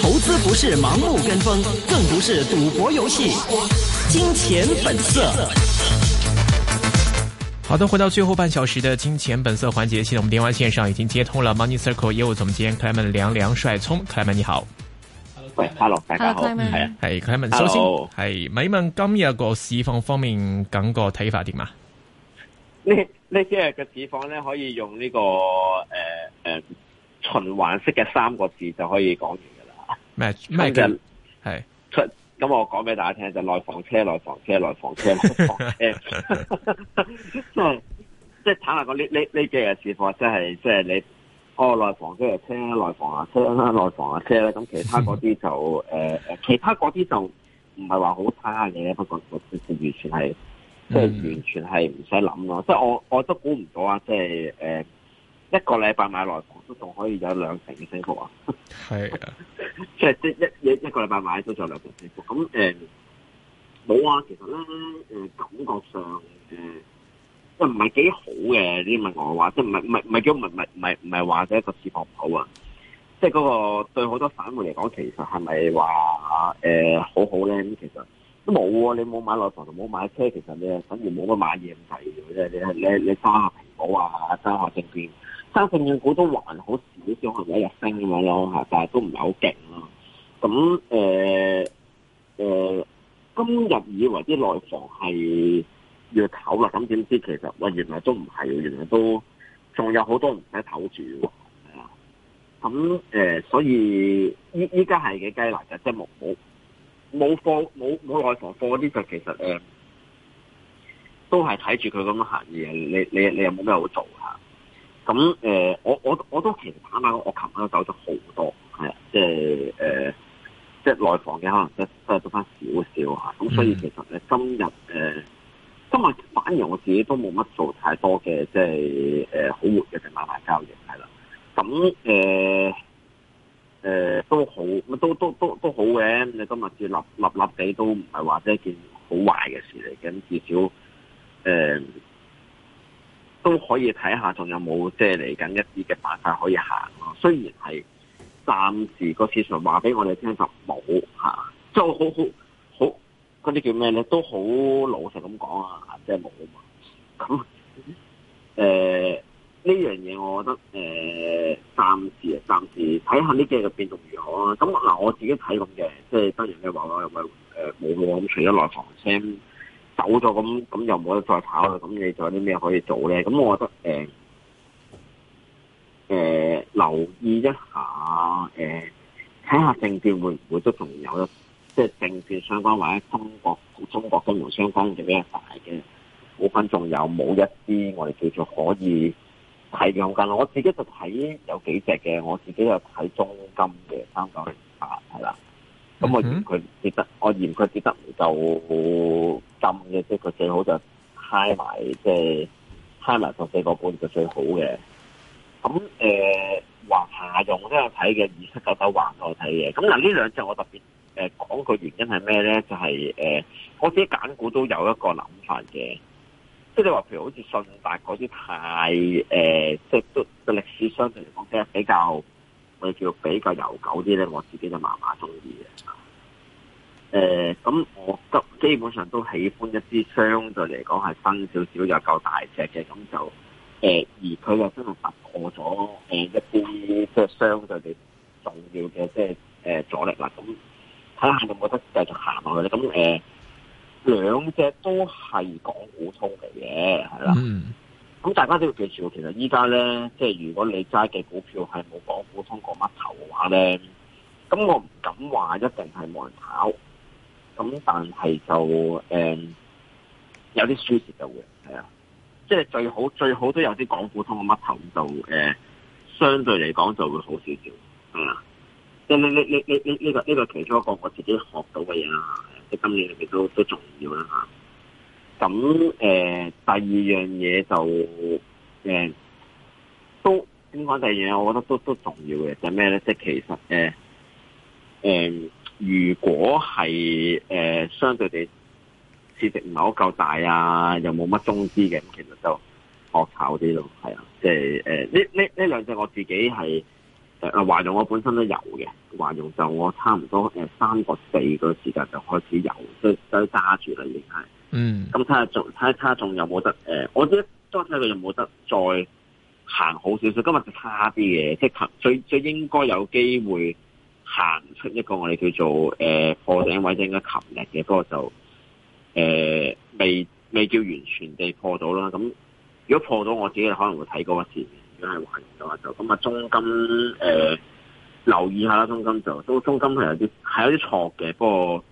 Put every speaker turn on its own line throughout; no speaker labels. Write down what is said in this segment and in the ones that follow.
投資不是盲目跟風，更不是賭博遊戲。金錢本色。
好的，回到最後半小時的金錢本色環節。現在我們電話線上已經接通了 Money Circle 業務總監 Clement 梁梁帥聰，Clement 你好。喂、Hey,，Hello，大家好。Um, Hi, Hi, hello，Clement，係啊，係 Clement。Hello，係咪問今日個市況方面，感覺睇法點啊？
呢呢幾日嘅市況咧，可以用呢、這個誒誒、呃呃、循環式嘅三個字就可以講完噶啦。
咩咩就係
咁，是我講俾大家聽就是、內房車、內房車、內房車、內房車。即係坦白講呢呢呢幾日市況，即係即係你開、哦、內房車啦、車內房啊車啦、內房啊車啦。咁其他嗰啲就誒誒，其他嗰啲就唔係話好差嘅，不過我完全係。即係完全係唔使諗咯，即係我我都估唔到啊！即係誒，一個禮拜買內房都仲可以有兩成嘅升幅啊！係是啊 即，即係一一一一個禮拜買都仲有兩成升幅。咁誒，冇、呃、啊！其實咧，誒、呃、感覺上誒、呃，即係唔係幾好嘅呢？你問我話，即係唔係唔係唔係叫唔唔唔係唔係話一個市況好啊？即係、那、嗰個對好多散戶嚟講，其實係咪話誒好好咧？咁其實。都冇喎、啊，你冇買內房，同冇買車，其實你等於冇乜買嘢咁滯嘅，係你你你揸下蘋果啊，揸下證券，揸證券股都還好少少係有一日升咁樣咯吓，但係都唔係好勁咯。咁誒、呃呃、今日以為啲內房係要唞啦，咁點知其實喂原來都唔係，原來都仲有好多唔使唞住係啊。咁誒、呃，所以依依家係幾雞肋嘅，即係冇冇。冇貨冇冇內房貨，啲就其實，呃、都係睇住佢咁嘅行嘢，你你你有冇咩好做咁。誒、呃，我我我都其實坦白，我琴日走咗好多，啊、呃，即係誒，即係內房嘅，可能都都係得翻少少咁，所以其實咧，今日誒，今、呃、日反而我自己都冇乜做太多嘅，即係誒好活嘅就買賣交易係啦。咁誒。誒、呃、都好，都都都都好嘅。你今日跌立立立地都唔係話一件好壞嘅事嚟嘅，至少誒、呃、都可以睇下仲有冇即係嚟緊一啲嘅辦法可以行咯、啊。雖然係暫時個市場話俾我哋聽、啊、就冇就即係好好好嗰啲叫咩咧？都好老實咁講啊，即係冇啊嘛。咁誒呢樣嘢，我覺得誒。啊。暫時啊，暫時睇下呢幾日嘅變動如何那啊。咁嗱，我自己睇咁嘅，即、就、係、是、當然你話話、呃呃、又咪誒冇咁除咗內房先走咗，咁咁又冇得再跑啦。咁你仲有啲咩可以做咧？咁我覺得誒誒、呃呃、留意一下誒，睇下證券會唔會都仲有咧？即係證券相關或者中國中國金融相關嘅比較大嘅股份，仲有冇一啲我哋叫做可以？睇佣金咯，我自己就睇有幾隻嘅，我自己就睇中金嘅三九零八係啦。咁我嫌佢跌得，我嫌佢跌得唔夠好金嘅，即係佢最好就揩埋即係揩埋十四個半就是、最好嘅。咁誒，華、呃、融都有睇嘅，二七九九華融我睇嘅。咁嗱，呢兩隻我特別誒講個原因係咩咧？就係、是、誒、呃，我自己揀股都有一個諗法嘅。即係你話，是說譬如好似信達嗰啲太誒，即、呃、係、就是、都個歷史相對嚟講咧比較，我哋叫比較悠久啲咧，我自己就麻麻中意嘅。誒、呃，咁我咁基本上都喜歡一啲相對嚟講係新少少又夠大隻嘅，咁就誒、呃，而佢又真係突破咗誒一啲即係相對嘅重要嘅即係誒阻力啦。咁睇下有冇得繼續行落去咧。咁誒。呃兩隻都係港股通嚟嘅，係啦。咁、嗯嗯、大家都要記住，其實依家咧，即係如果你揸嘅股票係冇港股通講乜頭嘅話咧，咁我唔敢話一定係冇人跑。咁但係就誒、嗯，有啲輸蝕就會係啊。即係最好最好都有啲港股通嘅乜頭就誒、嗯，相對嚟講就會好少少係啊。呢、這個呢呢呢呢個呢個其中一個我自己學到嘅嘢啊。即今年佢哋都都重要啦吓，咁誒、呃、第二樣嘢就誒、呃、都點講第二樣？我覺得都都重要嘅，就係咩咧？即、就、係、是、其實誒誒、呃呃，如果係誒、呃、相對地，市值唔係好夠大啊，又冇乜中資嘅，其實就惡炒啲咯，係啊，即係誒呢呢呢兩隻我自己係。誒，華融我本身都有嘅，華融就我差唔多誒三個四個時間就開始有，即揸住啦已經係，嗯，咁睇下仲睇下差仲有冇得，誒，我即都睇佢有冇得再行好少少，今日就差啲嘅，即琴最最應該有機會行出一個我哋叫做誒、呃、破頂位，即應該琴日嘅，不過就誒、呃、未未叫完全地破到啦，咁如果破到，我自己可能會睇嗰個市。係嘅話就咁啊，中金誒、呃、留意一下啦，中金就都中金係有啲係有啲錯嘅，不過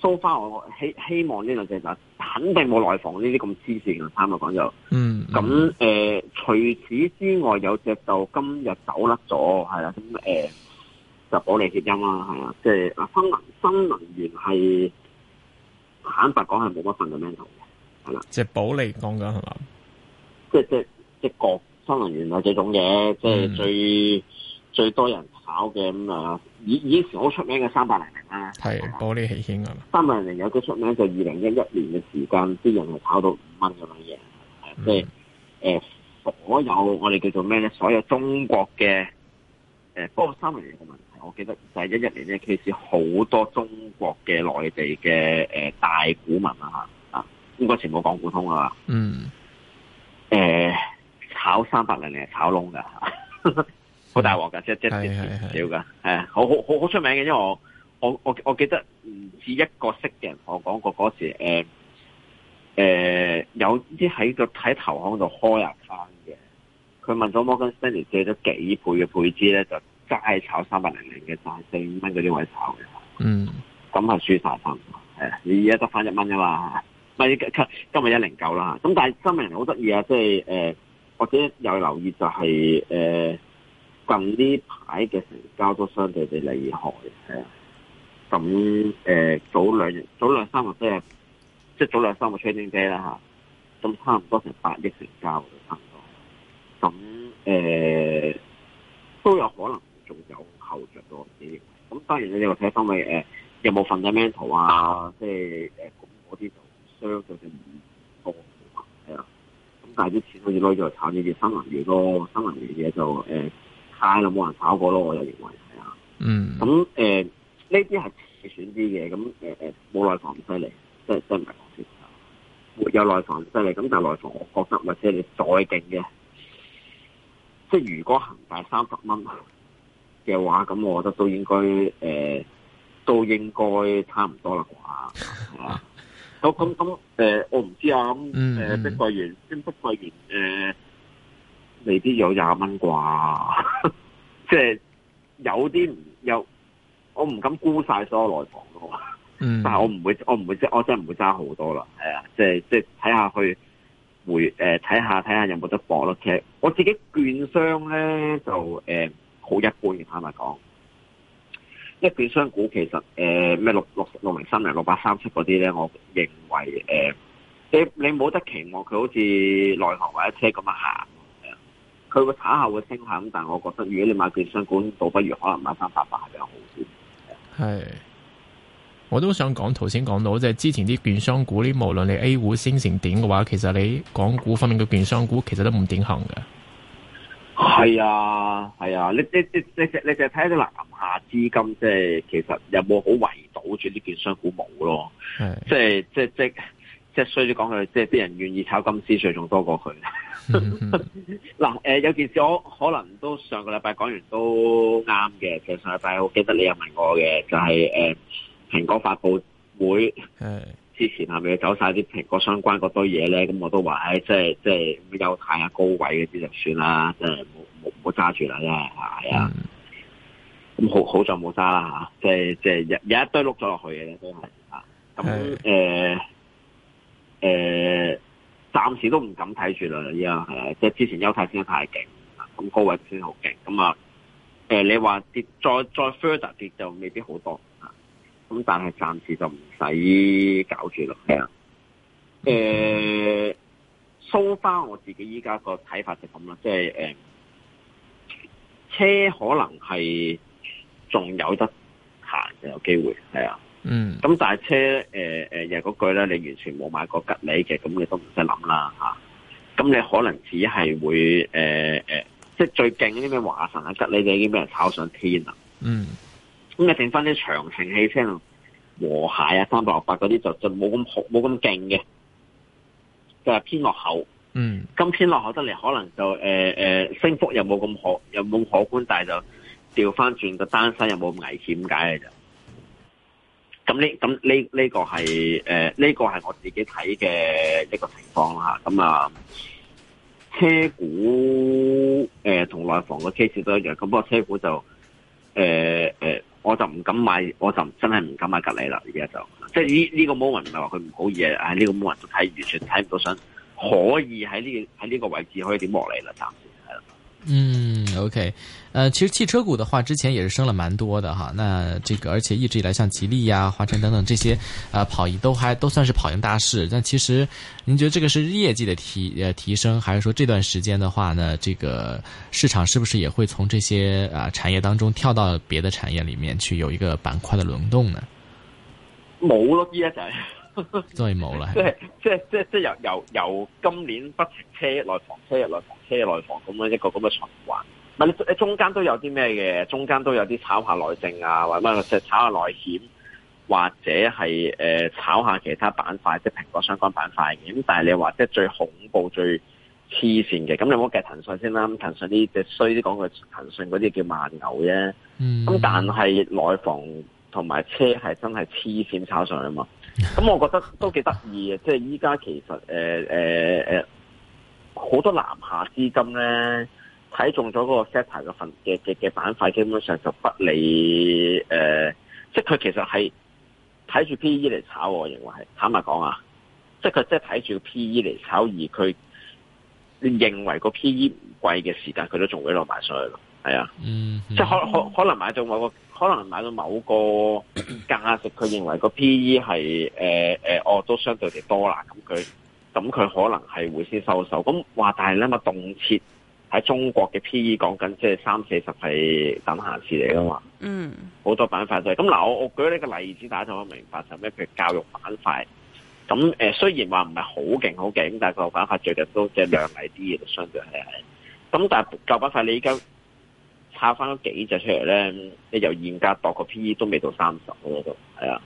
收花、so、我希希望呢兩隻就肯定冇內房呢啲咁黐線嘅，坦白講就
嗯
咁誒、嗯呃，除此之外有隻就今日走甩咗，係啦咁誒就保利協鑫啦，係啊，即係嗱新能新能源係坦白講係冇乜份嘅咩頭嘅，係啦，即係保
利講緊係嘛，即
係即係即個。新能源啊，這種嘢，即係最、嗯、最多人炒嘅咁啊！以以前好出名嘅三百零零
啦，係的吧玻璃起軒啊，
三百零零有幾出名？就二零一一年嘅時間，啲人係炒到五蚊咁樣嘢，即係誒所有我哋叫做咩咧？所有中國嘅誒、呃，不過三百零零嘅問題，我記得就係一一年咧，其實好多中國嘅內地嘅誒、呃、大股民啊嚇啊，應該全部港股通啊嗯。誒、呃。炒三百零零係炒窿噶，好大鑊噶，即即少噶，係好好好出名嘅。因為我我我我記得唔止一個識嘅人同我講過嗰時，誒、呃、誒、呃、有啲喺度睇投行度開入翻嘅。佢問咗摩根士丹利借咗幾倍嘅配資咧，就齋炒三百零零嘅，但係四五蚊嗰啲位炒嘅。嗯，咁啊輸晒翻，係你而家得翻一蚊噶嘛？咪今日一零九啦，咁但係新人好得意啊，即係誒。呃或者有留意就係誒近呢排嘅成交都相對地厲害，係啊。咁誒早兩早兩三日都有，即係早兩三個 Trading Day 啦嚇。咁差唔多成八億成交嘅差唔多。咁誒都有可能仲有後續多啲。咁當然你你話睇翻咪誒有冇 Fundamental 啊，即係誒嗰啲就相對就唔。大啲錢可以攞嚟炒呢啲新能源咯，新能源嘢就誒太耐冇人炒過咯，我就認為係啊。嗯。咁誒呢啲係次選啲嘅，咁誒誒冇內房唔犀利，即係即係唔係講笑。冇有內房唔犀利，咁但係內房，我覺得或者你再勁嘅，即係如果恒大三十蚊嘅話，咁我覺得都應該誒，都應該差唔多啦啩。咁咁咁，誒、呃，我唔知啊，咁、呃、誒，碧桂園先，碧桂園誒，未必有廿蚊啩，即 係有啲唔有，我唔敢估晒所有內房咯，嗯、但係我唔會，我唔會即我真係唔會揸好多啦，係、就、啊、是，即係即係睇下去回，回誒睇下睇下有冇得搏咯，其實我自己券商咧就誒好、呃、一般嘅，坦白講。即係券商股其實誒咩六六六零三零六八三七嗰啲咧，我認為誒、呃，你你冇得期望佢好似內房或者車咁樣行，佢會打下會升下咁，但係我覺得如果你買券商股，倒不如可能買三八八係比較好啲。
係，我都想講頭先講到，即係之前啲券商股，呢無論你 A 股升成點嘅話，其實你港股方面嘅券商股其實都唔點行嘅。
係啊，係啊，你你你你就你就睇下啲南下資金，即係其實有冇好圍堵住呢件商股冇咯的，即係即即即衰咗講佢，即係啲人願意炒金絲，最仲多過佢。嗱，誒有件事我可能都上個禮拜講完都啱嘅。其實上個禮拜我記得你有問我嘅，就係、是、誒、呃、蘋果發佈會。之前係咪要走晒啲蘋果相關嗰堆嘢咧？咁我都話誒、哎，即係即係優泰啊，高位嗰啲就算啦，即係唔好揸住啦，真係係啊。咁、嗯嗯、好好在冇揸啦嚇，即係即係有有一堆碌咗落去嘅都係啊。咁誒誒，暫時都唔敢睇住啦依家係啊，即係之前優泰先太勁，咁高位先好勁。咁啊誒，你話跌再再 further 跌就未必好多。咁但係暫時就唔使搞住咯，係啊，誒、呃，梳、so、翻我自己依家個睇法就咁啦，即係誒，車可能係仲有得行就有機會，係啊，嗯，咁但係車，誒、呃、誒，又嗰句咧，你完全冇買過吉利嘅，咁你都唔使諗啦吓，咁、啊、你可能只係會，誒、呃、誒、呃，即係最勁嗰啲咩華晨啊吉利，就已經俾人炒上天啦，嗯。咁啊，整翻啲長城汽車和諧啊，三八六八嗰啲就就冇咁好，冇咁勁嘅，就係偏落口
嗯，
咁偏落口得嚟，可能就誒誒、呃，升幅又冇咁可，又冇咁可觀，但係就調翻轉個單身又冇咁危險，咁解嘅就。咁呢？咁呢？呢個呃係誒呢個係我自己睇嘅一個情況啦吓。咁啊，車股誒同內房嘅 case 都一樣。咁個車股就誒誒。呃呃我就唔敢買，我就真係唔敢買隔籬啦。而家就，即係呢呢個 moment 唔係話佢唔好嘢，喺呢個 moment 睇完全睇唔到想可以喺呢個喺呢個位置可以點落嚟啦。暫時係啦。嗯。OK，呃，
其實汽車股的話，之前也是升了蠻多的哈。那這個，而且一直以來，像吉利呀、啊、華晨等等這些，呃，跑贏都還都算是跑贏大市。但其實，您覺得這個是業績的提呃提升，還是說這段時間的話呢，這個市場是不是也會從這些啊、呃、產業當中跳到別的產業裏面去，有一個板塊的輪動呢？
冇咯，依家就係， 最冇啦，即係即係即係即係由由今年不停車內房車內房車內房咁樣一個咁嘅循環。中間都有啲咩嘅，中間都有啲炒下內證啊，或者炒下內險，或者係、呃、炒下其他板塊，即係蘋果相關板塊嘅。咁但係你話即係最恐怖、最黐線嘅，咁你冇計騰訊先啦。騰訊啲即係衰啲講句，騰訊嗰啲叫慢牛啫。
咁、嗯嗯嗯、
但係內房同埋車係真係黐線炒上嚟嘛？咁我覺得都幾得意嘅。即係依家其實誒誒好多南下資金咧。睇中咗嗰個 set 牌嗰份嘅嘅嘅板塊，基本上就不理誒、呃，即係佢其實係睇住 P E 嚟炒，我認為坦白講啊，即係佢即係睇住 P E 嚟炒，而佢認為個 P E 唔貴嘅時間，佢都仲會落埋上去咯，係啊，嗯，嗯，即係可可可能買到某個，可能買到某個價值，佢認為個 P E 係誒誒，我、呃呃哦、都相對地多啦，咁佢，咁佢可能係會先收手，咁話，但係咧咪動切？喺中國嘅 P E 講緊即係三四十係等閒事嚟噶嘛？嗯，好多板塊都係咁嗱，我我舉呢個例子大家就好明白就咩、是？佢教育板塊咁誒，雖然話唔係好勁好勁，但係個板塊最近都即係亮眼啲嘢，嘅、就是，相對係係。咁但係教育板塊你依家炒翻咗幾隻出嚟咧？你由現價度個 P E 都未到三十嘅都係啊！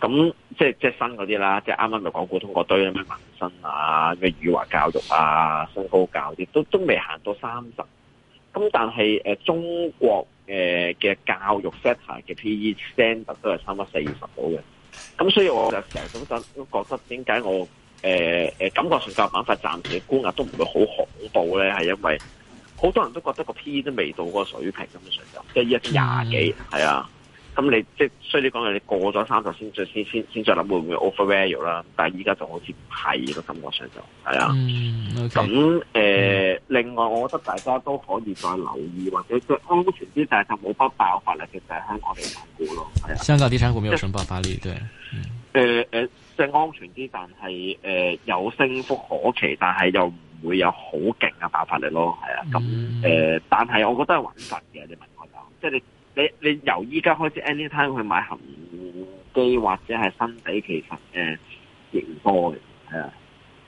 咁即係即係新嗰啲啦，即係啱啱就講股通嗰堆啊嘛。新啊，咩宇華教育啊，新高教啲都都未行到三十，咁但係誒中國誒嘅、呃、教育 sector 嘅 P E standard 都係差唔多四十到嘅，咁所以我就成日都得都覺得點解我誒誒、呃呃、感覺上教育板塊暫時嘅估額都唔會好恐怖咧，係因為好多人都覺得個 P E 都未到嗰個水平咁嘅上就是 1, 多，即係一廿幾係啊。咁你即係，所以你講嘢，你過咗三十先再先先先再諗會唔會 overvalue 啦。但係依家就好似唔係，個感覺上就係啊。咁誒、嗯，okay, 呃嗯、另外我覺得大家都可以再留意，或者最安全啲、就是啊，但係冇乜爆發力嘅就係香港地產股咯。係、呃、啊，
香港地產股冇咩爆發
力，對。誒誒，即係安全啲，但係誒有升幅可期，但係又唔會有好勁嘅爆發力咯。係啊，咁誒，呃嗯、但係我覺得係穩陣嘅。你問我就即、是、係你。你你由依家開始 anytime 去買恒基或者係新地，其實誒亦唔多嘅，係啊，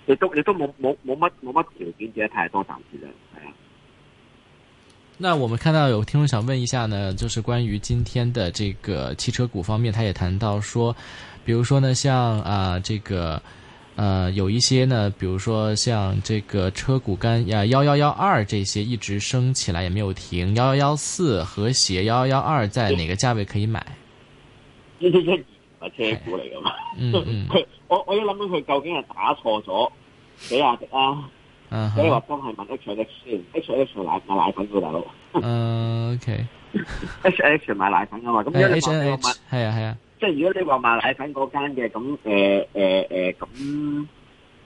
你都你都冇冇冇乜冇乜條件，而家太多賺錢啦，係
啊。那我們看到有聽眾想問一下呢，就是關於今天的這個汽車股方面，他也談到說，比如說呢，像啊、呃、這個。呃，有一些呢，比如說像這個車股干呀幺幺幺二這些一直升起來也沒有停，幺幺幺四和諧幺幺幺二在哪個價位可以買？
幺幺幺係車股嚟噶嘛？嗯嗯，佢我我一諗起佢究竟係打錯咗幾啊啊？嗯所以話真係問 H H 先，H H 買買奶粉都有。嗯 OK H H 買奶粉啊嘛？咁 H H 係啊即係如果你話賣奶粉嗰間嘅咁，誒誒誒，咁、呃呃呃、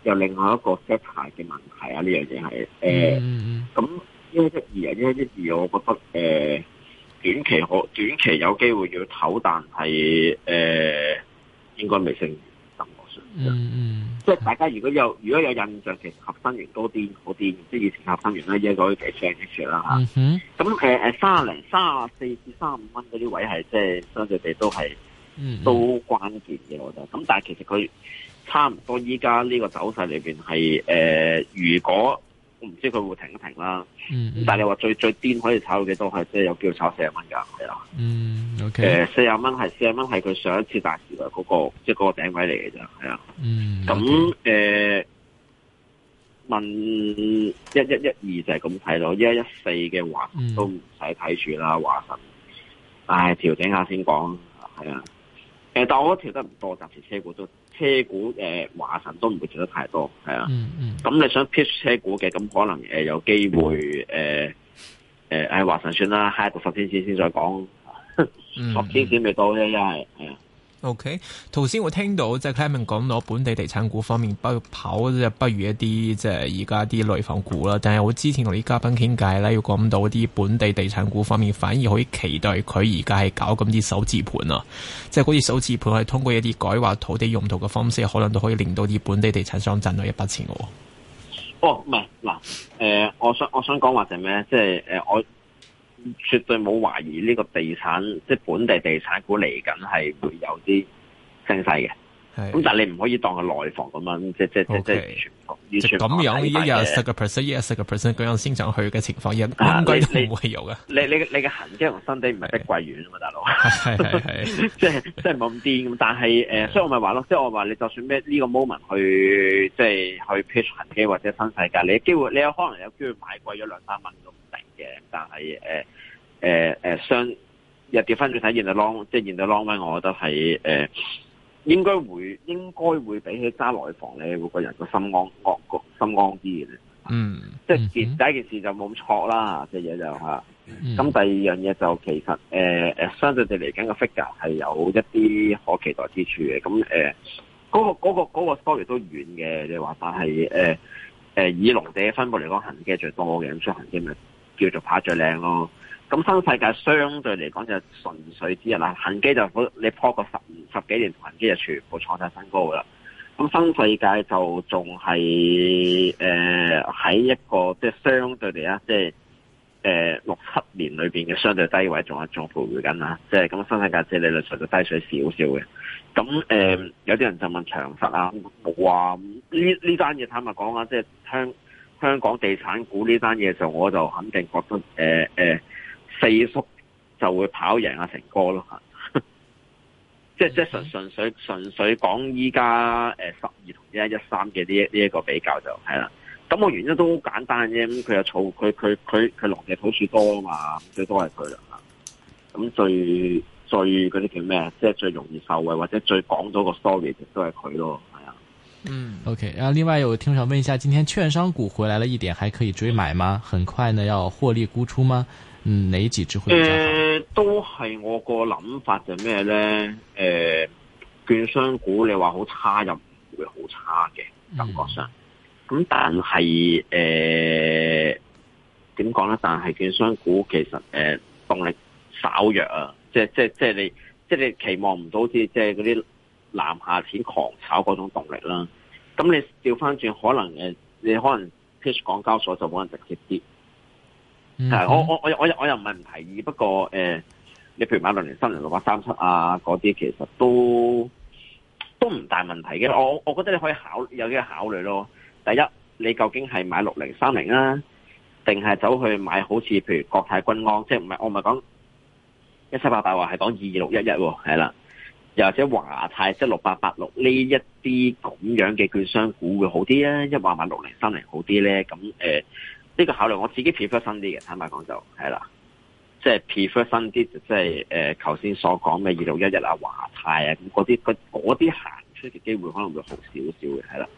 又另外一個 set 牌嘅問題啊，呢、呃 mm hmm. 樣嘢係誒，咁一一二啊，一一二，我覺得誒，短期可短期有機會要唞，但係誒、呃，應該未成咁我想，嗯、mm hmm. 即係大家如果有如果有印象，其實合生元多啲嗰啲，即以前合生元咧，應該可以啲靚一啦吓。咁誒誒，三廿零、三廿四至三廿五蚊嗰啲位係，即係相對地都係。嗯，都關鍵嘅，我覺得。咁但係其實佢差唔多依家呢個走勢裏邊係誒，如果我唔知佢會停一停啦。嗯，但係你話最最癲可以炒到幾多？係即係有機會炒四十蚊噶，係啦嗯，O K。誒、okay. 呃，四十蚊係四十蚊係佢上一次大市嗰、那個即係嗰個頂位嚟嘅啫，係啊、嗯 okay. 嗯。嗯。咁、嗯、誒，問一一一二就係咁睇咯，一一四嘅華神都唔使睇住啦，華、嗯、神。唉，調整下先講，係啊。誒，但我都調得唔多，暫時車股都，車股誒，華、呃、晨都唔會調得太多，係啊，咁你想 pitch 車股嘅，咁可能誒、呃、有機會，誒、嗯，誒、呃，喺華晨算啦，下一個十天先先再講， 嗯嗯、十天先未到啫，因為，係、嗯、啊。
O K，頭先我聽到即係 Kevin 講到本地地產股方面不跑不如一啲即係而家啲內房股啦，但係我之前同啲嘉賓傾偈咧，要講到啲本地地產股方面，反而可以期待佢而家係搞咁啲首置盤啊，即係好似首置盤係通過一啲改劃土地用途嘅方式，可能都可以令到啲本地地產商賺到一筆錢嘅。哦，唔
係嗱，誒，我想我想講話是就係咩？即係誒我。絕對冇懷疑呢個地產，即係本地地產股嚟緊係會有啲升勢嘅。咁但係你唔可以當係內房咁樣，即即即即全港，就咁樣一日十個
percent，一日十個 percent 咁樣先上去嘅情況，應該都唔會有嘅。
你你你嘅恒基同新地唔係碧桂園啊嘛，大佬，即即冇咁癲。但係誒，所以我咪話咯，即我話你就算咩呢個 moment 去，即去 pitch 恒基或者新世界，你有機會，你有可能有機會買貴咗兩三蚊都唔定嘅。但係誒誒誒，相又調翻轉睇，in the long，即 in the long way，我覺得喺誒。應該會，應該會比起揸內房咧，嗰個人個心安，安心安啲嘅、嗯。嗯，即係第一件事就冇咁錯啦，隻嘢就吓。咁第二樣嘢就其實，誒、呃、誒，相對地嚟緊個 figure 係有一啲可期待之處嘅。咁誒，嗰、呃嗰個、嗰個、嗰個嗰個 story 都遠嘅，你話。但係誒誒，以農地分佈嚟講，恒基最多嘅，所以恒基咪叫做拍最靚咯。咁新世界相對嚟講就純粹之一啦，恒基就好，你破個十十幾年，恒基就全部創晒新高噶啦。咁新世界就仲係誒喺一個即係相對嚟啊，即係誒六七年裏面嘅相對低位，仲係仲徘徊緊啊。即係咁新世界即係理論上就低水少少嘅。咁誒、呃嗯、有啲人就問長實啊，冇話呢呢單嘢坦白講啊，即係香香港地產股呢單嘢就我就肯定覺得誒、呃呃四叔就會跑贏阿、啊、成哥咯吓，即係即係純純粹純粹講依家誒十二同一一三嘅呢呢一個比較就係啦，咁個原因都好簡單啫，咁佢又儲佢佢佢佢農地土儲多啊嘛，最多係佢啦，咁最最嗰啲叫咩啊？即係最容易受惠或者最講咗個 story 嘅都係佢咯，係啊。嗯
，OK，啊，另外有聽眾問一下，今天券商股回來了一點，還可以追買嗎？很快呢要獲利沽出嗎？嗯，哪幾
隻會比誒，都係我個諗法就咩咧？誒、呃，券商股你話好差又唔會好差嘅感覺上。咁但係誒，點講咧？但係、呃、券商股其實誒、呃、動力稍弱啊，即係即係即係你，即係你期望唔到，啲即係啲南下錢狂炒嗰種動力啦、啊。咁你調翻轉可能誒、呃，你可能 push 港交所就可能直接啲。啊、嗯，我我我又我又我又唔係唔提議，不過誒、呃，你譬如買六零、三零、六八三七啊，嗰啲其實都都唔大問題嘅。我我覺得你可以考有幾個考慮咯。第一，你究竟係買六零、三零啊，定係走去買好似譬如國泰君安，即係唔係我唔係講一七八八，話係講二六一一喎，係啦，又或者華泰即係六八八六呢一啲咁樣嘅券商股會好啲啊？60, 好一話買六零、三零好啲咧，咁、呃、誒。呢個考慮我自己 prefer 新啲嘅，坦白講就係啦，即係 prefer 新啲，即係誒，頭、呃、先所講嘅二六一一啊華泰啊咁嗰啲，啲行出嘅機會可能會好少少嘅，係啦。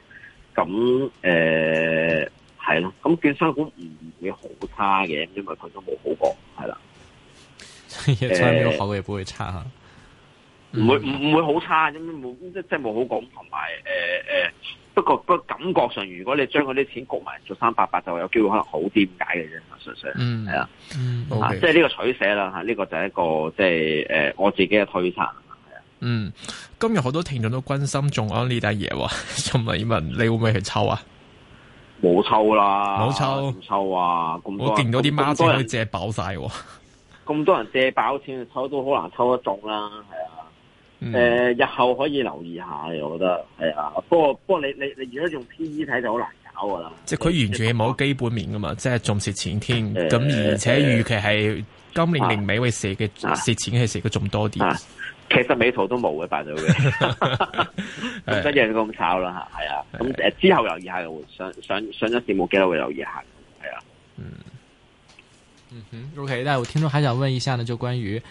咁誒係咯，咁券商股唔會好差嘅，因為佢都冇好過，係啦。
券商股好過也不會差，唔
會唔唔會好差，咁冇即係即係冇好講，同埋誒誒。呃呃不過個感覺上，如果你將嗰啲錢焗埋做三八八，就有機會可能好掂解嘅啫，純粹係、嗯、啊，啊、嗯 okay 這個，即係呢個取捨啦，吓呢個就係一個即係誒，我自己嘅推測係啊。嗯，
今日好多聽眾都關心中安呢啲嘢，想問問你會唔會去抽啊？
冇抽啦，冇抽，唔抽啊！咁、啊、我見到啲孖仔都借飽晒喎，咁多人借飽錢去抽，抽都好難抽得中啦，係啊。誒，日後可以留意下，我覺得係啊。不過不過，你你你如果用 P E 睇就好難搞噶啦。即係佢
完全係冇基本面噶嘛，即係仲蝕錢添。咁而且預期係今年年尾會蝕嘅，蝕錢係蝕得仲多啲。
其實美圖都冇嘅，白咗嘅。咁即係咁炒啦吓，係啊。咁之後留意下，上上上咗節目記得會留意下，係啊。嗯嗯
哼，OK。但係我聽眾還想問一下呢，就關於。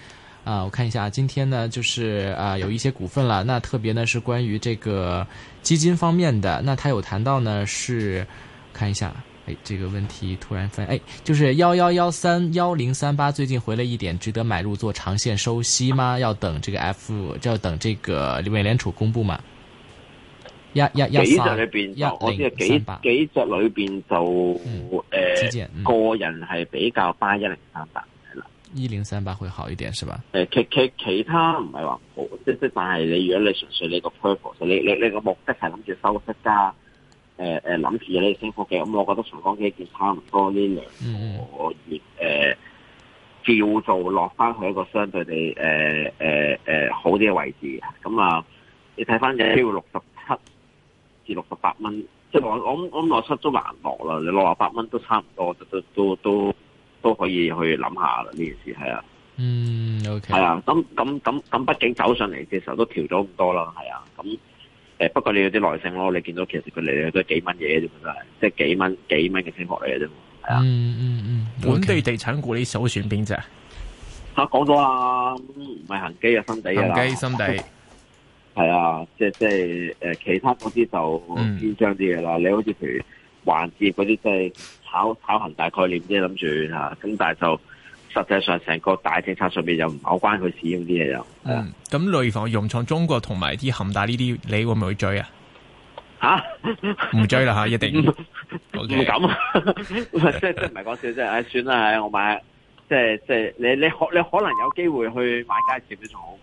啊，我看一下，啊。今天呢，就是啊，有一些股份了。那特別呢是關於這個基金方面的。那他有談到呢，是看一下，哎，這個問題突然翻，哎，就是幺幺幺三幺零三八最近回了一點，值得買入做長線收息嗎？要等這個 F，就要等這個美聯儲公布嘛？一一一三零三八，
幾隻一零三八裏邊個人係比較 buy 一零三八。
一零三八會好一點，是吧？
誒，其其其他唔係話唔好，即即但係你如果你純粹你個 purpose，你你你個目的係諗住收息噶，誒誒諗住你升幅嘅，咁我覺得長江基建差唔多呢兩個月誒，叫做落翻去一個相對地誒誒誒好啲嘅位置，咁啊，你睇翻嘅要六十七至六十八蚊，即我我我落出都橫落啦，六啊八蚊都差唔多，都都都都。都可以去諗下啦，呢件事係啊，
嗯，OK，係啊，
咁咁咁咁，畢竟走上嚟嘅時候都調咗咁多啦，係啊，咁誒不過你有啲耐性咯，你見到其實佢哋都係幾蚊嘢嘅啫，咁啊，即係幾蚊幾蚊嘅升幅嚟嘅啫，係啊，嗯嗯
嗯，本地地產股你首選邊隻？
我講咗啦，唔係恒基啊，新地啊，恒基新地係啊，即係即係誒其他嗰啲就偏商啲嘅啦，你好似譬如。環節嗰啲即係炒炒恒大概念，即諗住吓，咁但係就實際上成個大政策上面，又唔係好關佢事呢啲嘢，又嗯，
咁內房融創中國同埋啲恒大呢啲，你會唔會追啊？
吓唔、啊、追啦吓，一定。唔咁 不 Okay. 啊， 即係即係唔係講笑，即、哎、係算啦，我買即係即係你你可你可能有機會去買街市你仲好過。